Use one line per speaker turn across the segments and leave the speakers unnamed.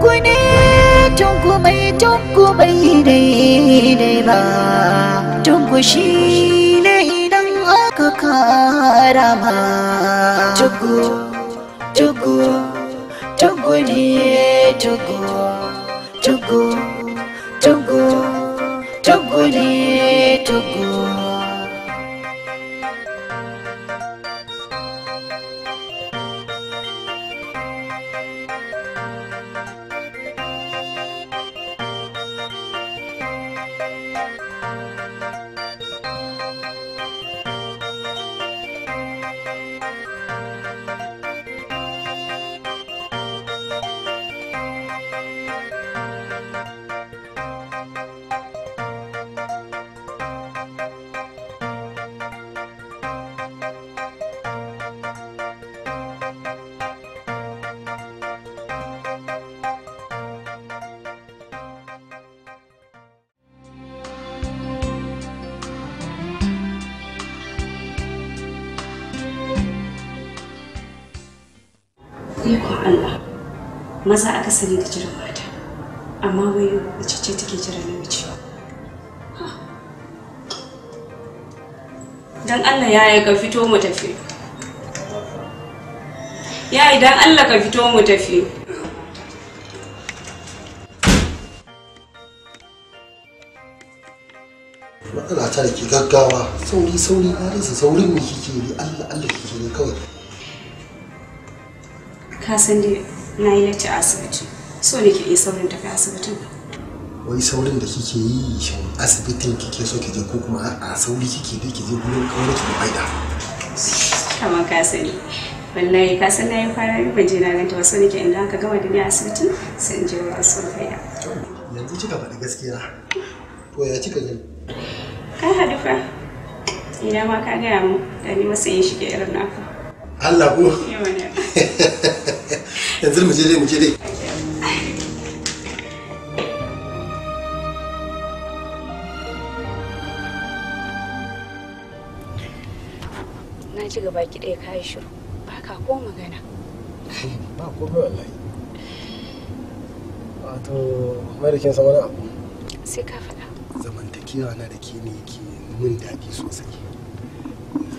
ku ne tunku mai tunku bai daidai ba tunku shi ne idan aka karama. ma tunku tunku ne tunku tunku tunku tunku ne tunku
ikon Allah maza aka sani da jiran mata amma wayo mace ce take jiran namiji dan Allah yaya ka fito mu tafi yi dan Allah ka fito mu tafi
matsala ta da ke gaggawa sauri sauri na rasa saurin mu kike ne Allah Allah kike ne kawai
ka san na yi lacce a asibiti so nake iya saurin tafi asibitin
wai saurin da kike yi shin asibitin kike so ki ko kuma a sauri kike da ki gurin kawar ki da faida
kamar ka sani wallahi ka san nayi fara ban je na ganta wasu ke inda aka gama da ni asibitin sai in je wa sofiya
yanzu kika faɗi gaskiya to ya kika gani
ka haɗu fa ina ma ka gaya mu da ni masa yin shige irin naka
Allah ko yawa ne yanzu mu je dai mu je dai
na ji gaba ki ɗaya kayi shiru ba ka ko magana
ba ko bai wallahi wato mai da kin wani abu
sai ka faɗa
zamantakewa na da ke ne ke min daɗi sosai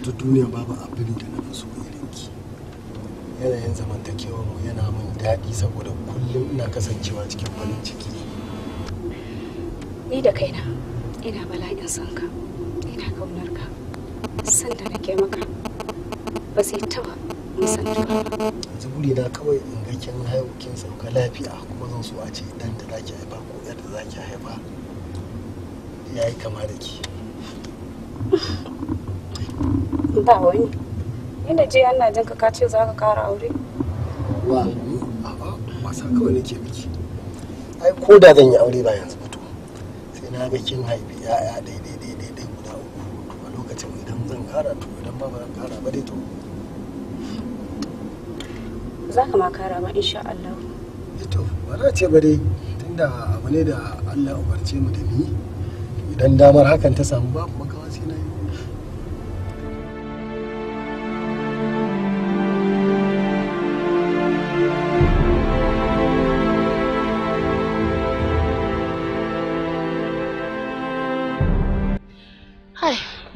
ta duniya babu abin da na fi so yanayin zamantakewar mu yana min daɗi saboda kullum ina kasancewa cikin farin ciki
ni da kaina ina bala'in son ka ina kaunar ka san da nake maka ba zai taba musantar
ba yanzu buri na kawai in ga kin haihu kin sauka lafiya kuma zan so a ce dan da zaki haifa ko ƴar da zaki haifa yayi kama da ki
ba wani Inda je yana jin ka ce za ka kara aure?
Wa wasa kawai nake miki. Ai ko da zan yi aure ba yanzu fito. Sai na ga kin haifi
ya'ya daidai daidai dai guda
uku. A lokacin idan zan kara to idan ba zan kara ba dai to.
Za ka ma kara ba insha Allah.
Ito eh ba za ce ba dai tunda abu ne da Allah umarce mu da ni. Idan damar hakan ta samu babu makawa sai na yi.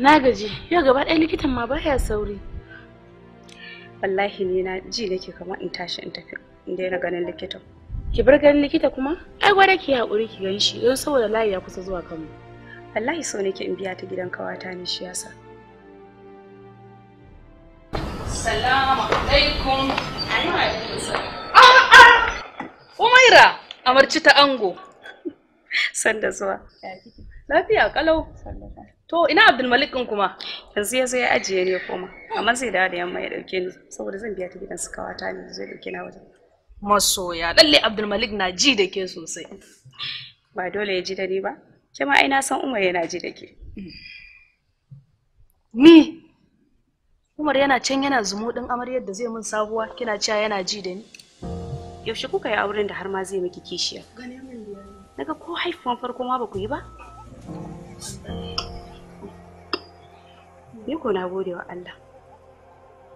na gaji yau gaba ɗaya likitan ma baya sauri wallahi ne na ji nake kamar in tashi in tafi in daina ganin likitan ki bar ganin likita kuma ai gwada ki haƙuri ki gan shi don saboda layi ya kusa zuwa kanmu wallahi so nake in biya ta gidan kawata ne shi yasa salamu alaikum ah, ah! umaira amarci ta ango sanda zuwa lafiya kalau To ina Abdul din kuma? Yanzu ya zo ya ajiye ne kuma. Amma zai dawo da yamma ya dauke ni saboda zan biya ta gidan su kawata ne zai dauke na wajen. Masoya, lalle Malik na ji da ke sosai. Ba dole ya ji da ni ba. Ke ma ai na san Umar yana ji da ke. Ni Umar yana can yana zumo din amaryar da zai min sabuwa kina cewa yana ji da ni. Yaushe kuka yi auren da har ma zai miki kishiya? Gane min da Naga ko haifuwan farko ma ba ku yi ba? ni na gode wa Allah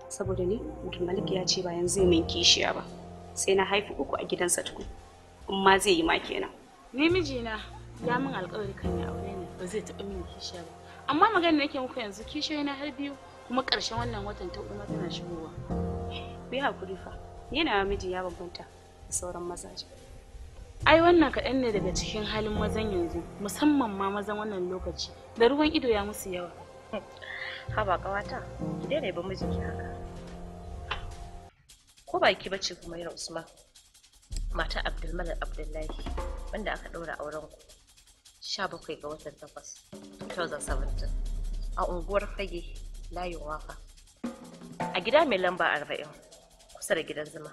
saboda ni Malik ya ce bayan zai min kishiya ba sai na haifi uku a gidansa tukun in ma zai yi ma kenan ni mijina ya min alƙawari kan ya aure ni ba zai taɓa min kishiya ba amma magana nake muku yanzu kishiyoyi na har biyu kuma ƙarshen wannan watan ta kuma tana shigowa bi hakuri fa ni na miji ya bambanta da sauran mazaje ai wannan kaɗan ne daga cikin halin mazan yanzu musamman ma mazan wannan lokaci da ruwan ido ya musu yawa haba ƙawata ki daina ba mijinki haka ko ba ki bace kuma yana usman mata Abdulmalik abdullahi wanda aka ɗaura auren ku 17 ga watan 8 2017 a unguwar fage layin wafa a gida mai lamba 40 kusa da gidan zama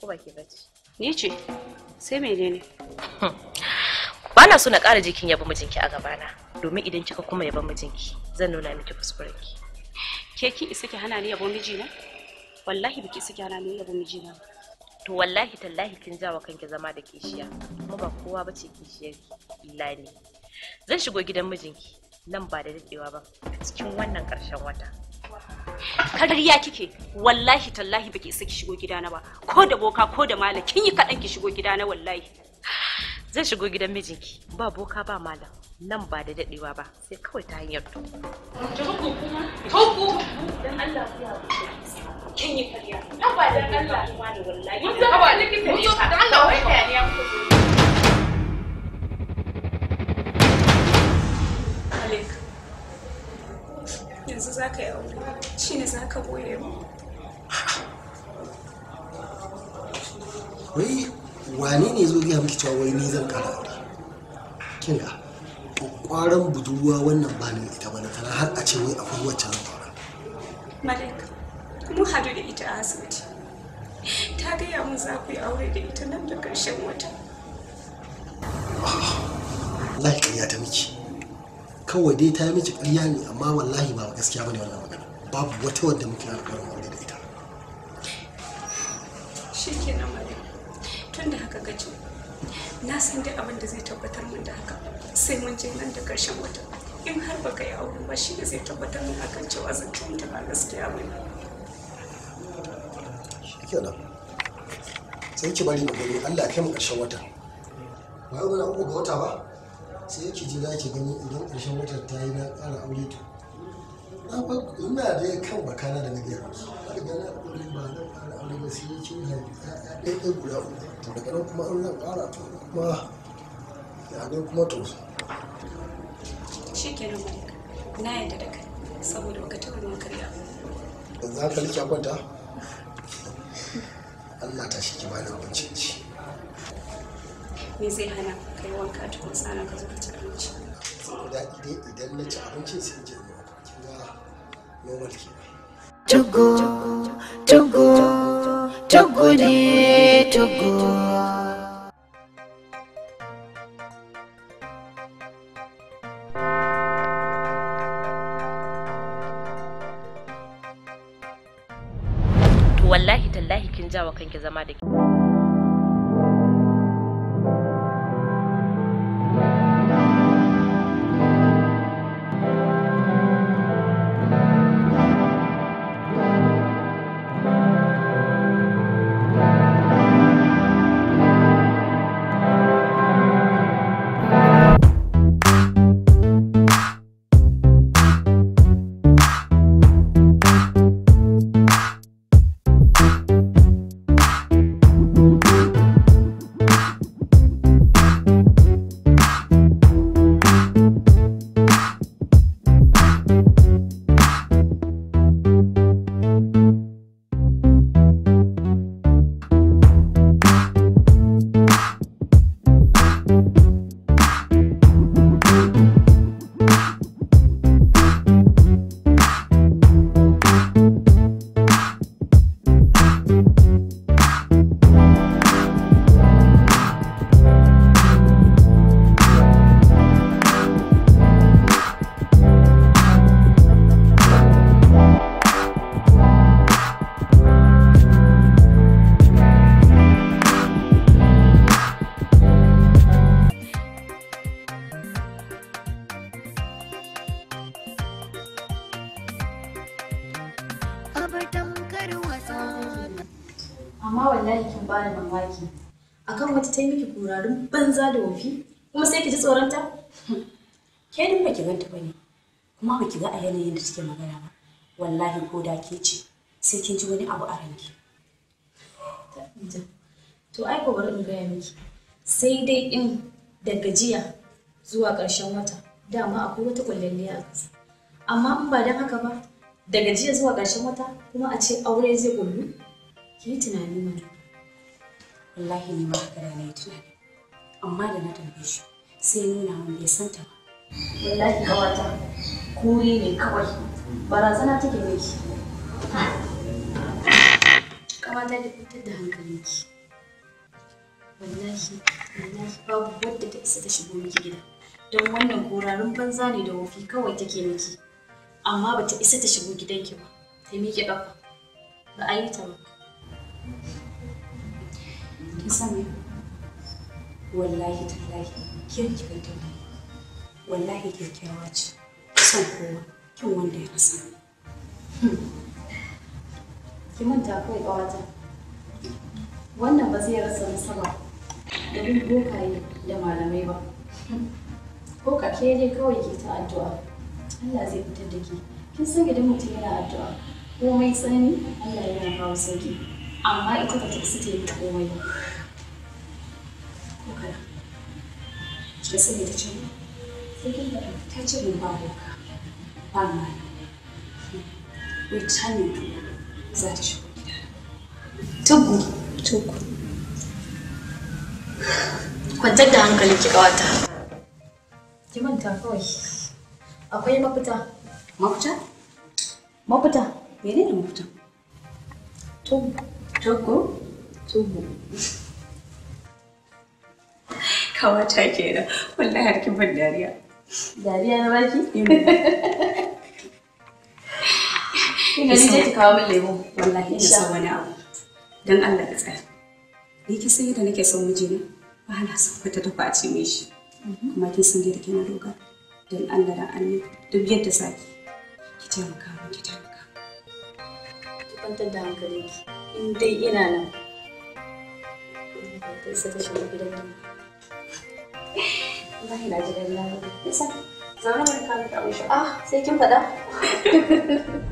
ko ba ki bace ni ce sai menene hmm. ba na so na ƙara jikin yaba mijinki a gabana domin idan kika kuma yaba mijinki zan nuna miki kuskuren ki ke ki isa ki hana ni yabo miji na wallahi biki isa ki hana ni yabo miji na to wallahi tallahi kin ja wa kanki zama da kishiya kuma ba kowa bace kishiyar illa ne zan shigo gidan mijinki nan ba da dadewa ba a cikin wannan karshen wata kariya kike wallahi tallahi baki isa ki shigo gidana ba ko da boka ko da malam kin yi kaɗan ki shigo gidana wallahi zan shigo gidan mijinki ba boka ba malam nan ba da dadewa ba sai kawai ta hanyar to tuku kuma tuku
dan ya yi kariya
nan ne wallahi mun ba likita ne yi aure shine
ne zo gaya miki cewa wai ni zan kara aure kin ga kwaran budurwa wannan ba ne ita ba tana har a ce wai akwai wacce nan ba.
malaika mun hadu da ita a asibiti ta gaya mun za ku yi aure da ita nan da ƙarshen wata
wallahi ƙarya ta miki kawai dai ta miki ƙarya ne amma wallahi ba gaskiya bane wannan magana babu wata wanda muke alƙawarin aure da ita
Shi shikenan tun tunda haka gaci na san dai abin da zai tabbatar min da haka sai mun je nan da ƙarshen wata in har baka yi aure ba shi ne zai tabbatar min akan cewa zan ci ta ba gaskiya ba ne
kenan sai ki bari mu gani Allah ya kai mu ƙarshen wata ba yau uku ga wata ba sai ki ji za ki gani idan ƙarshen wata ta yi na ƙara aure ta. ina da kan baka na da na gaya ga na ƙoƙarin ba na ƙara aure ba sai ki na ɗaya ɗaya guda uku to daga nan kuma in zan to kuma ya ne kuma to
shi na yadda da kai saboda baka taɓa ruwan
karya kwanta Allah ta shi ki ci
me zai hana kai wanka ka ci abinci
saboda idan na ci abinci sai je ne
Togo, Togo, Togo Togo.
link is on my shiga a yanayin da take magana ba wallahi ko da ke ce sai kin ji wani abu a ranki to ai ko bari in gaya miki sai dai in daga jiya zuwa ƙarshen wata dama akwai wata kullalliya a ƙasa amma in ba dan haka ba daga jiya zuwa ƙarshen wata kuma a ce aure zai kullu ki yi tunani mana wallahi ni ma haka da na yi tunani amma da na tambaye shi sai nuna min bai santa ba wallahi kawata kuri ne kawai barazana take miki kamata da fitar da ki wallahi wallahi babu wadda ta isa ta shigo miki gida don wannan gorarin banza ne da wofi kawai take miki amma bata isa ta shigo gidanki ba ta miki kafa ba a yi ta ba kin san me wallahi tallahi kin kika ta wallahi kyakkyawa ce son kowa kyan wanda ya rasa hmm. ki manta kawai ƙawata wannan ba zai rasa nasaba da duk bokaye da malamai ba hmm. ko ka ke dai kawai ke ta addu'a Allah zai fitar da ke kin san idan mutum yana addu'a komai tsanani Allah yana kawo sauki amma ita ba ta kusa ta komai ba ko kana kin san ita ce ta ce mun ba boka ban wata ne tugu tugu kwantar da hankali ki kawata ki manta kawai akwai mafita mafita mafita mene ne mafita tugu tugu tugu kawata kenan wallahi har kin ban dariya Dariya na baki?
Ina ni je ki kawo
min lemo. Wallahi ina son wani abu. Dan Allah ka tsaya. Ni ki san yadda nake son ne, Ba na son kwata ta a min shi. Kuma mhm. kin san yadda kina doka. Dan Allah da Allah duk yadda saki. Ki taimaka min ki taimaka. Ki kwantar da hankalinki. In dai ina nan. Kai sai ta shiga gidan nan. Wallahi na ji daɗi na gode. Nisa, zaune bari ka miki abin sha. sai kin faɗa.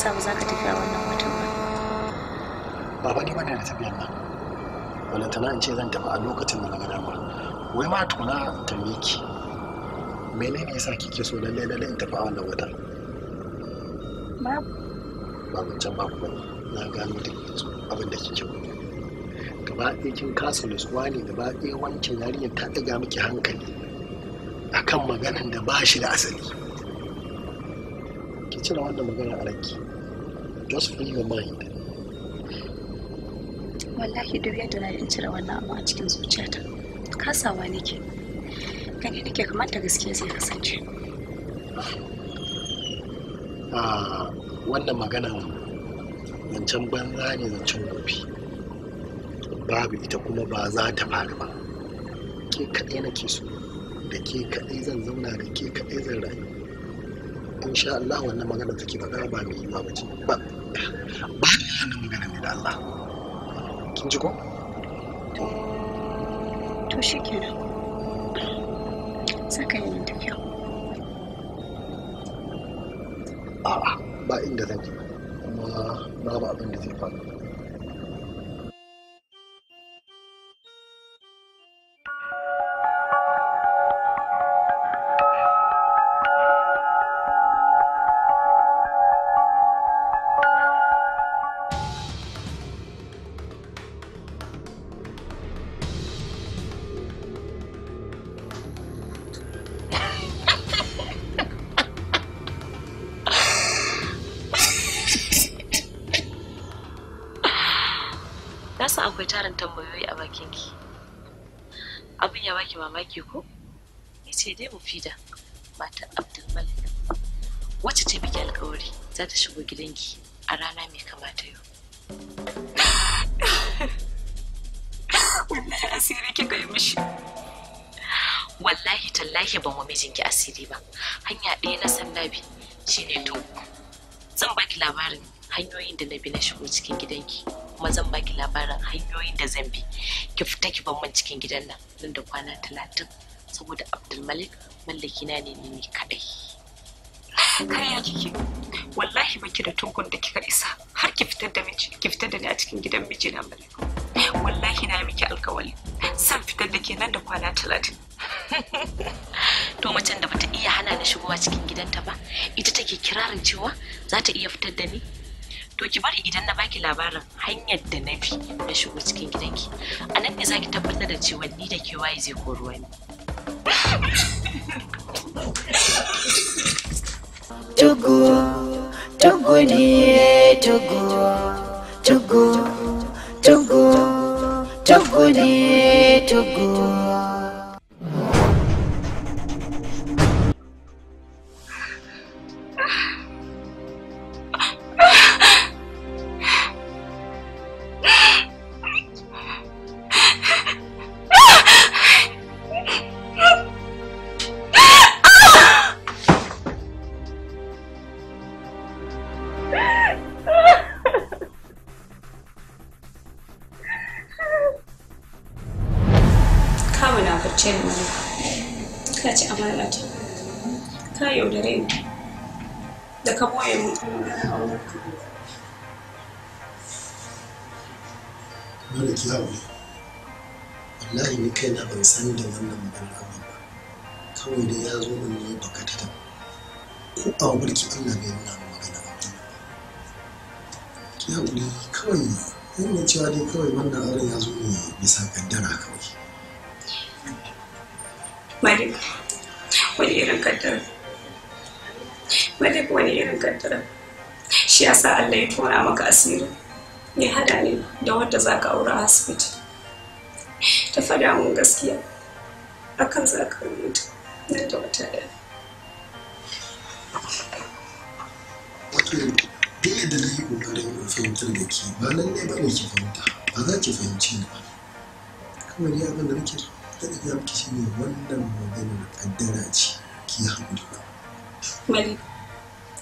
sa ba za ka tafi a
wannan ba. Baba ni mana da tafiyar nan. tana in ce zan tafi a lokacin da na gada dama. Wai ma tuna ta ki menene yasa kike so lalle lalle in tafi a wannan wata? babu ba wancan babu ba na gano da abin da kike gudu gaba ɗaya kin kasa nutsuwa ne gaba ɗaya wancan yarinyar ta ɗaga miki hankali akan maganan da ba shi da asali ki cire wannan maganar a ranki just free your mind
wallahi duk yadda na in cire wannan abu a cikin zuciyata kasawa nake kan yadda ke kamata gaskiya zai kasance
ah, wannan magana zancen banza ne zancen gobe babu ita kuma ba za ta faru ba ke kaɗai nake so da ke kaɗai zan zauna da ke kaɗai zan rayu in sha Allah wannan magana take faɗa ba mai yiwa ba ce ba ba wannan magana ne da Allah kin ji ko
to shikenan saka yin tafiya
a'a ba inda zan je kuma babu abin da zai faru
ake ko ya ce dai mufida matar abdulmalik wacce ta biki alkawari za ta shigo gidanki a rana mai kamata yau wallahi asiri kika yi mishi wallahi tallahi ban wa mijinki asiri ba hanya ɗaya na sallabi shine to zan baki labarin hanyoyin da na bi na shigo cikin gidanki kuma zan baki labarin hanyoyin da zan bi ki fita ki ban cikin gidan nan nan da kwana talatin saboda abdulmalik mallaki na ne ni kadai kaya kike wallahi baki da tukun da kika isa har ki fitar da miji ki fitar da ni a cikin gidan miji na malik wallahi na miki alkawali san fitar da ke nan da kwana talatin to macen da bata iya hana ni shigowa cikin gidanta ba ita take kirarin cewa za ta iya fitar da ni to ki bari idan na baki labarin hanyar da na fi na shigo cikin gidanki a nan ne zaki tabbatar da cewa ni da ke waye zai ruwa wani
tugu tugu ne tugu tugu tugu tugu ne tugu.
ka yaudare ni da ka boye mutum da aurenka.
Dole ne, haure. Wallahi ni kaina ban san da wannan bal'amma ba. Kawai da ya zo min ne baka ta Ko a wurki Allah bai nuna mu magana ba. Ki ne, kawai yana cewa dai kawai wannan auren ya zo ne bisa kaddara
kawai. Malik, wani irin kaddara? na wani irin kaddara shi yasa Allah ya tona maka asiri ya hada ni da wanda za ka aura a asibiti ta faɗa mun gaskiya akan za ka mutu nan da wata ɗaya
wato duk yadda na yi ƙoƙarin fahimtar da ke ba nan ne ba ne ki fahimta ba za ki fahimci ni ba Kamar ni abin da nake so ta ɗaga miki shi ne wannan maganar ƙaddara ce ki haƙuri ba.
Malik,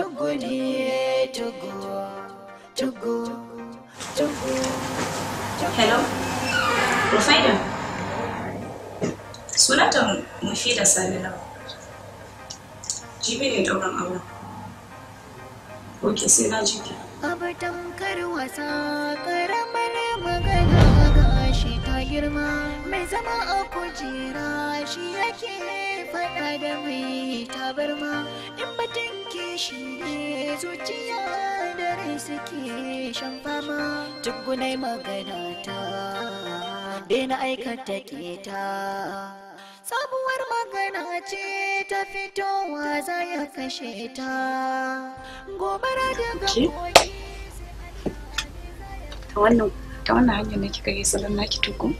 Togo ne Togo, Togo, Togo. Hello, Rufaida.
Sunanta Mufida Salila. Jibi ne dauran auren. Oke sai na jiki. Abar
karwasa wasa karamar magana shi ta girma mai zama a kujera shi yake ne faɗa da mai tabarma in batun kishi ne zuciya da rai suke shan fama tugunai magana ta daina aikata keta sabuwar magana ce ta fitowa za ya kashe ta gobara daga ta
wannan hanyar na kika yi salon naki tukun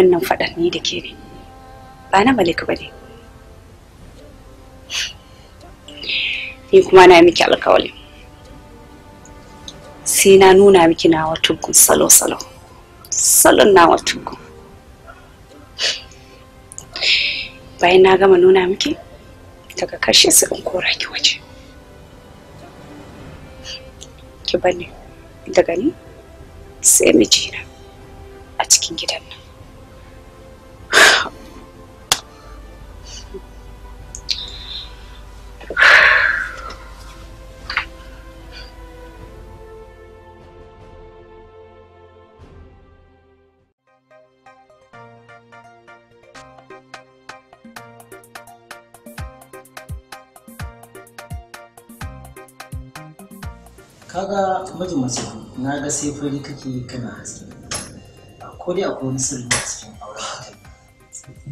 wannan faɗan ni da ke ne ba na malik ba ne ni kuma na miki alkawali sai na nuna miki nawa gun salo-salo salon nawa gun bayan na gama nuna miki daga karshe sai in kora ki waje ki bane daga ni sai mijina a cikin gidan nan
mijin masu na ga sai fari kake kana haske ko dai akwai wani sirri a cikin aure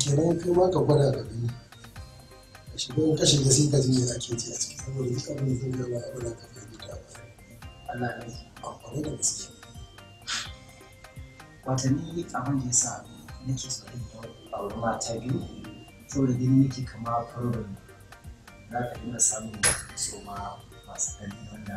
kenan kai ma ka gwada da gani a shigar ka shiga sai ka ji ake ji a ciki saboda duk abin da zan ba a da ka fahimta Allah ne. yi amfani da gaske watanni abin da ya sa nake so yi aure mata biyu saboda gani nake kama farin na ka dinga samun su ma masu ɗan wanda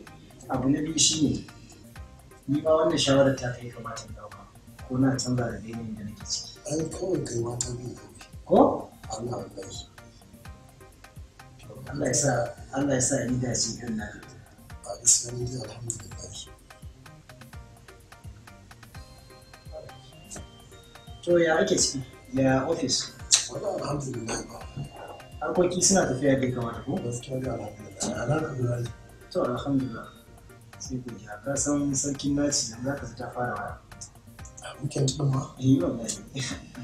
abu na biyu shi ne. ni ba wannan shawarar ta kai kamata ta dauka ko na canza da yanayin da nake ciki An kawai kai wata biyu ko Allah Ko? Allah ya sa Allah ya sa ni da shi din na a islami da alhamdulillah to ya ake ciki ya ofis wannan alhamdulillah ba harkoki suna tafiya da kamata ko gaskiya da alhamdulillah ana kabura to alhamdulillah sai ku ka san sarkin naci za ka ta fara waya weekend din ma eh, wallahi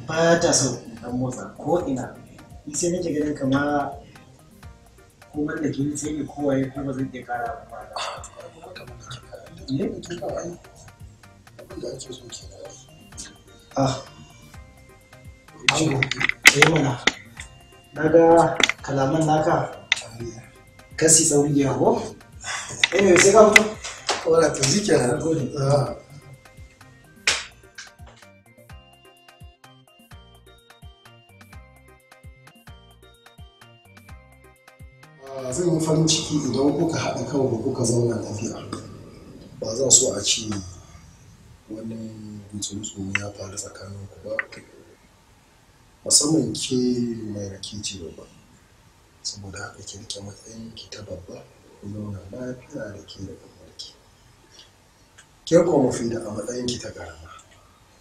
ba ta so dan motsa ko ina ni sai nake ganin kama ko sai ne ko ba zan iya kara ba ah, eh, ne da ake so ke ah eh mana kalaman naka kasi tsawon yawa ko eh, sai ka wala to shi kenan zai yi farin ciki idan kuka haɗa ku kuka zauna lafiya ba zan so a ci wani gutsuntsu ya faru tsakanin ku ba musamman ke mai rikici ba babba saboda haka ki matsayin ki ta babba ku zauna lafiya da ke da ku. ke ko mufida a matsayin ki ta garama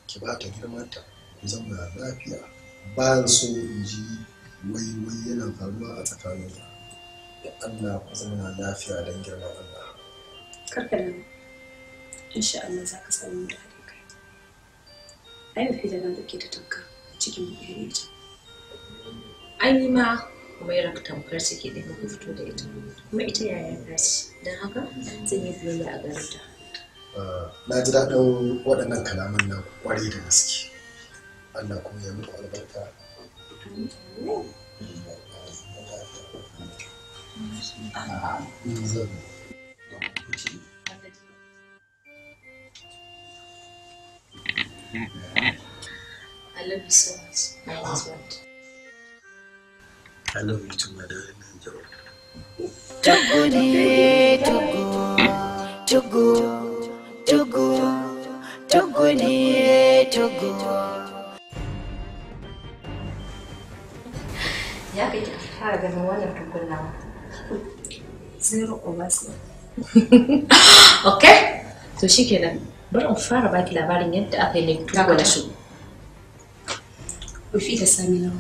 ki ba ta girmanta ku zama lafiya bayan so in ji wai wai yana faruwa a tsakanin da Allah ku zama lafiya don girman Allah
karka nan insha Allah za ka samu da haɗin kai ai mufida da dauke ta tanka cikin mutum an yi ma kuma irin tamkar ciki da ka fito da ita kuma ita yaya ta ce don haka zan yi biyayya a garin ta
Eh, na ji daɗin waɗannan kalaman na ƙwari da gaske Allah kuma ya muku albarka
I love you so much,
I love you too, my darling
Togo, Togo ne Togo. Ya kake fara ganin wannan tukun nawa? Zero over
Ok, to shi kenan bari in fara baki labarin yadda aka yi ne tugo da su. Rufi da sami nawa.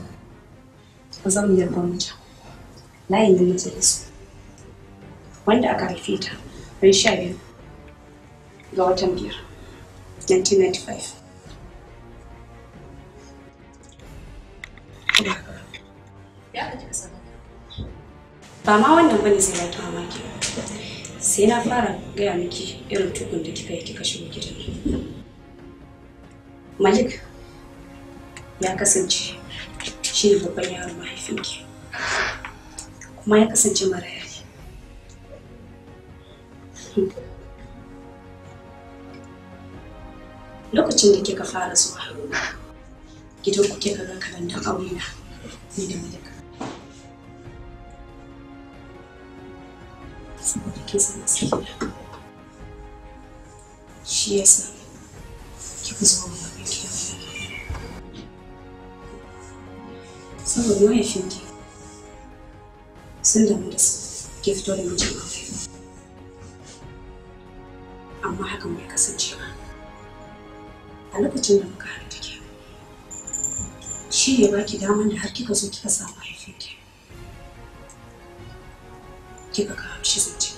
A zamiyar gwamnati. Layin da mace da su. Wanda aka rufe ta, sha biyu. ga watan biyar 1995 ba ma wannan bane sai kama mamaki sai na fara gaya miki irin tukun da kika yi kika shigo gidan malik ya kasance shi ne babban yaron mahaifinki kuma ya kasance mara marayari lokacin da kika fara zuwa gidan ku kika ga kalandar aure na ni da malaka saboda kin san sai shi yasa kika zo mu ba ki saboda mahaifinki sun damu da su. ke fito da mijin aure amma hakan bai kasance a lokacin da muka haɗu take shi ne baki daman da har kika zo kika samu mahaifinki kika kawo shi zance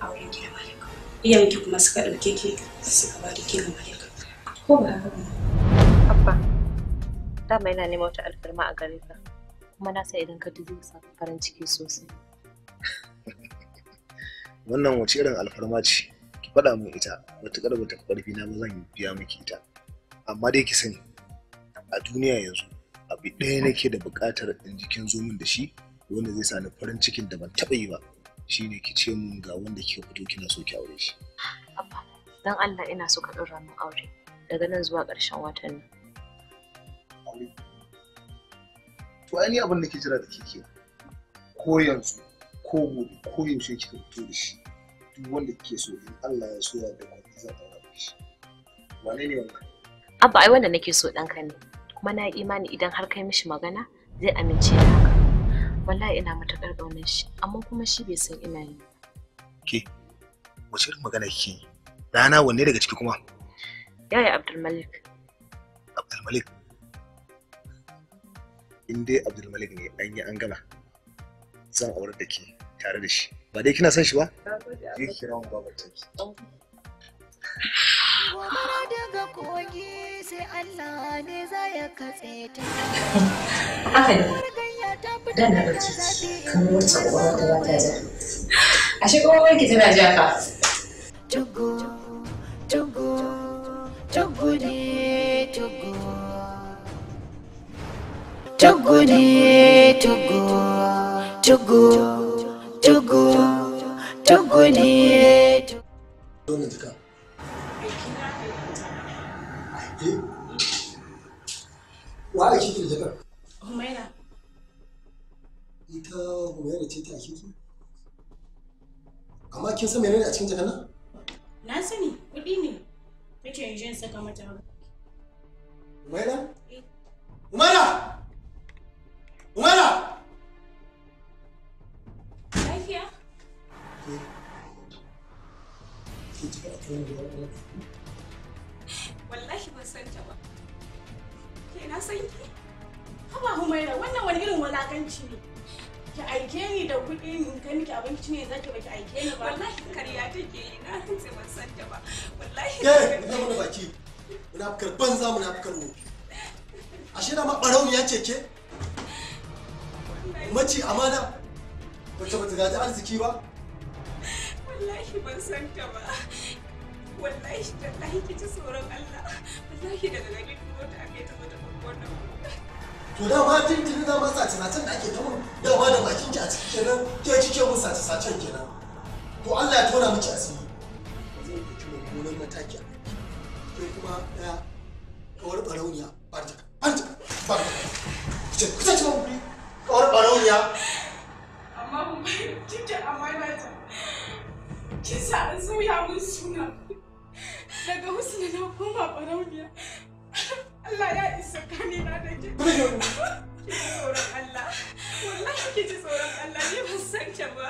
a wurin da malika iyayenki kuma suka ɗauke ki suka ba da ke malika ko ba haka ba abba dama yana neman wata alfarma a gare ka kuma na sa idan ka ji zai saka farin ciki sosai
wannan wace irin alfarma ce faɗa min ita matuƙar ba ta ƙarfi na ba zan biya miki ita amma dai ki sani a duniya yanzu abu ɗaya nake da buƙatar in jikin zo min da shi wanda zai sani farin cikin da ban taɓa yi ba shine ki ce mun ga wanda ke fito kina so ki aure shi
abba dan Allah ina so ka ɗora min aure daga nan zuwa ƙarshen watan
nan to ai ni abin da ke jira da ke ko yanzu ko gobe ko yaushe kika fito da shi duk wanda ke so in Allah ya soya da da za zan aure shi wane ne wannan
abba ai wanda nake so ɗanka ne kuma na imani idan har kai mishi magana zai amince da haka wallahi ina matuƙar ƙaunar shi amma kuma shi bai san ina yi
ke wace irin magana kike yi rana wanne daga ciki kuma
yaya abdulmalik
abdulmalik in dai abdulmalik ne an an gama zan aurar da ke tare da shi ba dai kina san shi ba
je daga kogi sai Allah ya kuma tana tugu tugu ne tugu tugu ne tugu tugu tugu tugu ne Dole jika.
Wa a kiki da jikar? Ita Humaira ce ta a kiki? Amma kin san menene a cikin jakar nan?
Na sani, kuɗi ne. Kake yanzu in saka mata. Eh. Humaira? Humaira! Umaira!
Wallahi
ban san ta ba. Ke na san ki? Haba Humaira, wannan wani irin walakanci ne. Ki aike ni da kuɗi in kai miki abinci ne zaki baki aike ni ba. Wallahi kariya take yi na rantse ban san ta ba. Wallahi. Ke
zama da baki. Munafukar banza munafukar mu. Ashe da ma barau ya ce ke?
Mace amana.
Bata bata gaji arziki ba?
Wallahi ban san ta ba. wallahi tallahi ki ji tsoron Allah wallahi daga gani mota wata ake ta mata babban nan to da ma tun tun da ma sace sacen
da ake ta mun da ma da bakin ki a ciki kenan ke kike mun sace sacen kenan to Allah ya tona miki asiri zai ki ci mun mataki ke kuma daya
kawar barauniya barta barta barta kuce kuce ci mun guri
kawar barauniya amma mun tun
da amma na ta kin sa an sauya mun suna daga husna na koma barauniya Allah ya isa kane na da ke tsoron Allah wallahi ki ji tsoron Allah ni ban san ki ba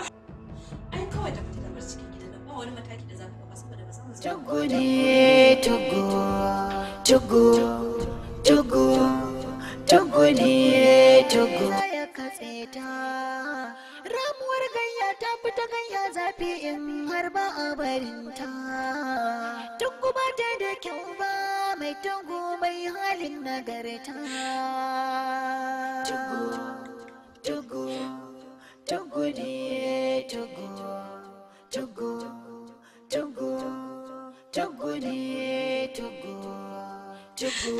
ai kawai da fita daga cikin gidan ba wani mataki da
za ka ba saboda ba san tugu ne tugu tugu tugu tugu ne tugu ya katse ta uwar ganya ta fita ganya zafi in har ba a barinta tungu ba ta da kyau ba mai tungu mai halin nagarta tugu tugu tugu ne tugu tugu tugu tugu ne tugu tugu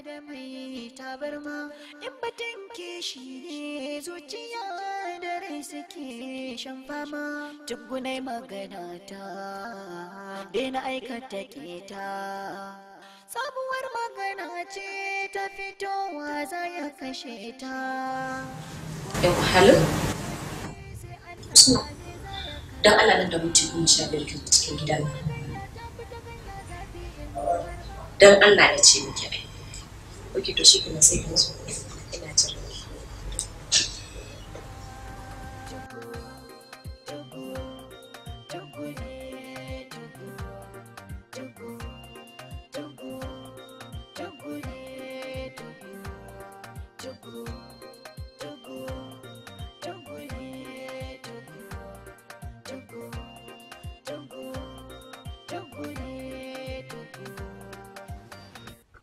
da mai tabarma in batun shi ne zuciya da rai suke shan fama tugunai magana ta daina aikata keta sabuwar magana ce ta fitowa za ya kashe
ta yau halin don Allah nan da mutum in sha biyu cikin gidan don Allah ya ce muke aiki We keep sí que me sé que es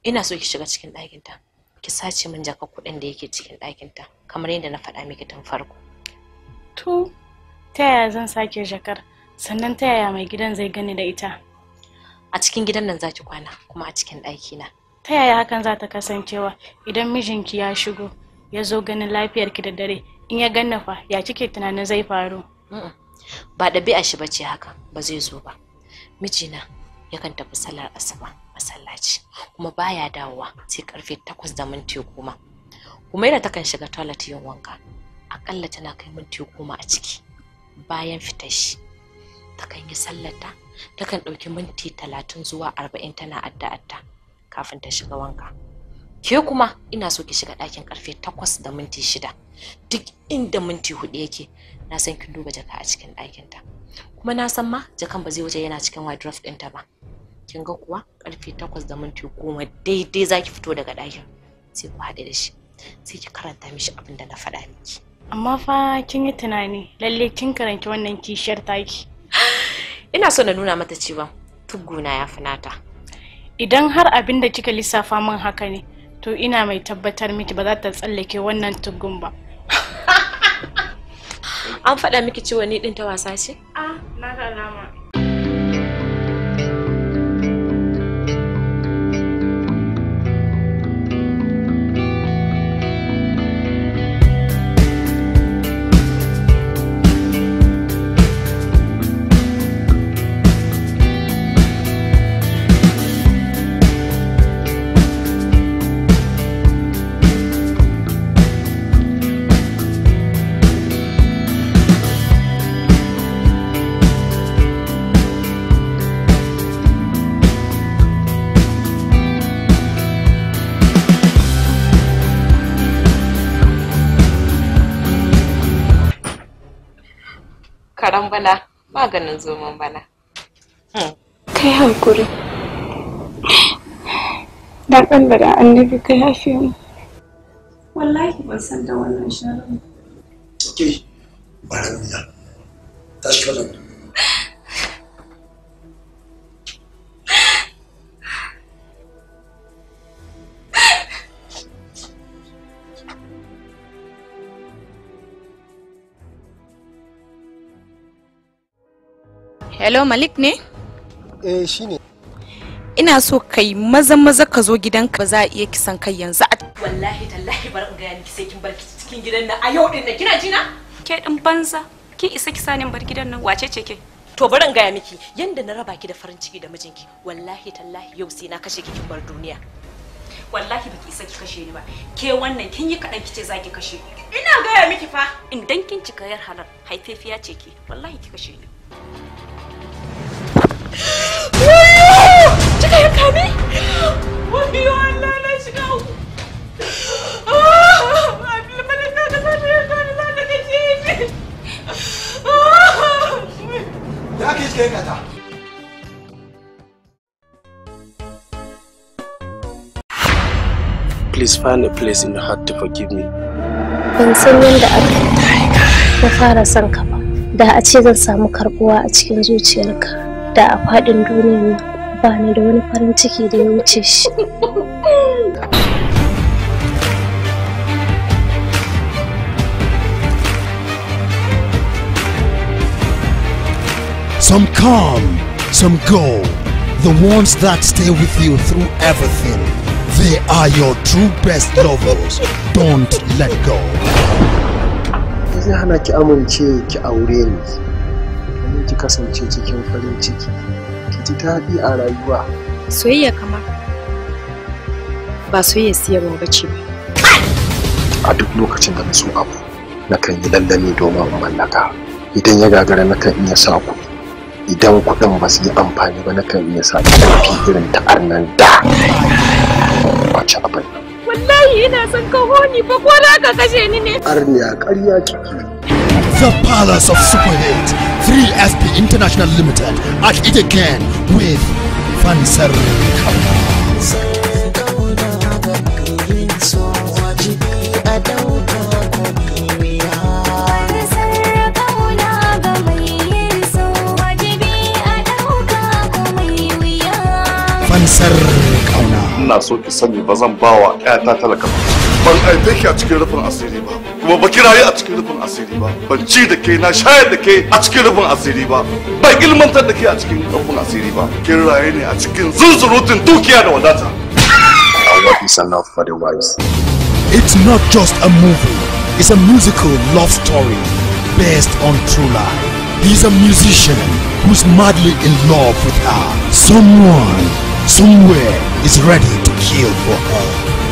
ina so ki shiga cikin ɗakinta ki sace min jaka kuɗin da yake cikin ɗakin ta kamar yadda na faɗa miki tun farko to ta yaya zan sake jakar sannan ta yaya mai gidan zai gani da ita a cikin gidan nan zaki kwana kuma a cikin ɗaki na. ta yaya hakan za ta kasancewa idan mijinki ya shigo ya zo ganin lafiyarki da dare in ya ganna fa ya kike tunanin zai faru ba ɗabi'a shi bace haka ba zai zo ba mijina yakan tafi salar asuba masallaci kuma baya dawowa sai karfe takwas da minti goma ta takan shiga toilet yin wanka akalla tana kai minti goma a ciki bayan fitar shi takan yi sallata takan ɗauki minti talatin zuwa arba'in tana adda-adda kafin ta shiga wanka ke kuma ina so ki shiga ɗakin karfe takwas da minti shida duk inda minti hudu yake na san kin duba jaka a cikin ɗakinta kuma na san ma jakan ba zai wuce yana cikin wardrobe ɗinta ba kin ga kuwa karfe takwas da minti goma daidai za ki fito daga ɗakin sai ku haɗu da shi sai ki karanta mishi abin da na faɗa miki amma fa kin yi tunani lalle kin karanci wannan kishiyar taki ina so na nuna mata cewa tugguna ya fi nata idan har abin da kika lissafa min haka ne to ina mai tabbatar miki ba za ta tsallake wannan tuggun ba an faɗa miki cewa ni ɗin ta wasa ce? Ah, na ga alama zoman bana maganin zoman bana
hmm. kai hankuri Da kan da da annabi ka yafe mu
wallahi ban san da wannan sharri ke ba ran da
tashi wannan
hello malik ne eh shine ina so kai maza maza ka zo gidanka ba za a iya kisan kai yanzu wallahi tallahi bar ga ni sai kin bar cikin gidan nan a yau din nan kina ji na ke din banza ki isa ki sanin bar gidan nan wace ce ke to bari in gaya miki yanda na raba ki da farin ciki da mijinki wallahi tallahi yau sai na kashe ki kin bar duniya wallahi baki isa ki kashe ni ba ke wannan kin yi kaɗan kice za ki kashe ina gaya miki fa in dan kin cika yar halal haifefiya ce ki wallahi ki kashe ni
Wayo! Ah! Ah! Kika
Please find a place in the heart to forgive me.
Ban san yadda aka na fara son ka ba. Da a ce zan samu karbuwa a cikin zuciyarka. da a faɗin duniyar nan ba ni da wani farin ciki da ya wuce shi
Some come, some go. The ones that stay with you through everything, they are your true best lovers. Don't
let go. domin ki kasance cikin farin ciki ki ji daɗi a rayuwa
soyayya kamar ba soyayya siyarwa ba ce ba
a duk lokacin da na so abu kan yi lallami domin mallaka idan ya gagara na kan iya sa ku idan kuɗin ba su yi amfani ba na kan iya sa ƙarfi irin ta
annan da ba ci abin wallahi ina son ka honi ba ko za ka kashe ni ne arniya
ƙarya ciki The Palace of Super 3FP International Limited at it again with Fansar
Fansar
Kauna. Ina so ki sani ba bawa 'yata talaka ban haife a cikin rufin asiri ba kuma ba a cikin rufin asiri ba ban ci da ke na shayar da ke a cikin rufin asiri ba ban ilmantar da ke a cikin rufin asiri ba kin raye ne a cikin zunzurutun dukiya da wadata what is enough for the wise it's not just a movie it's a musical love story based on true life he's a musician who's madly in love with her someone somewhere is ready to kill for her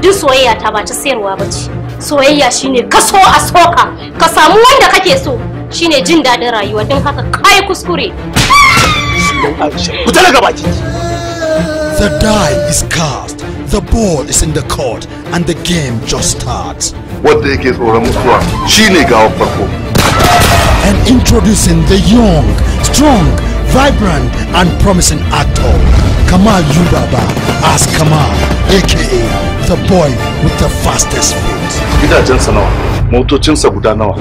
duk soyayya ta ba ta sayarwa ba ce soyayya shine ka so a soka ka samu wanda kake so shine jin daɗin rayuwa don haka kai kuskure ku daga
baki The die is cast, the ball is in the court, and the game just starts. Wadda yake tsoron mutuwa shine gawa farko. And introducing the young, strong, vibrant and promising actor Kamal Yubaba as Kamal, aka the boy with the fastest feet. Gidajensa nawa, motocinsa guda nawa,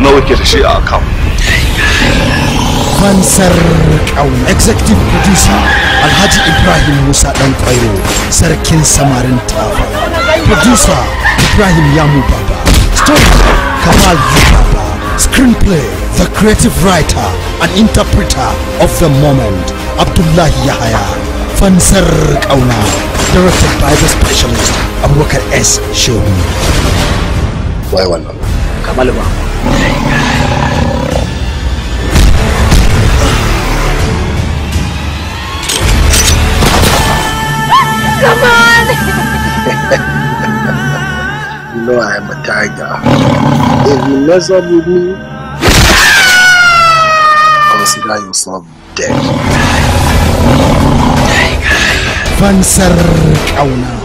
nawa ke da shi a account. Fansar Kauna, executive producer Alhaji Ibrahim Musa Dan Kwairo, sarkin samarin tafa. Producer Ibrahim Yamu Baba, story Kamal Yubaba, screenplay the creative writer and interpreter of the moment, Abdullah Yahya. Fansar Kauna, directed by the specialist, Abubakar S. Shogun.
Why one? Kamal Come on! you know I am a tiger. If you mess up with me, guy yourself dead.
Fansar
ƙauna.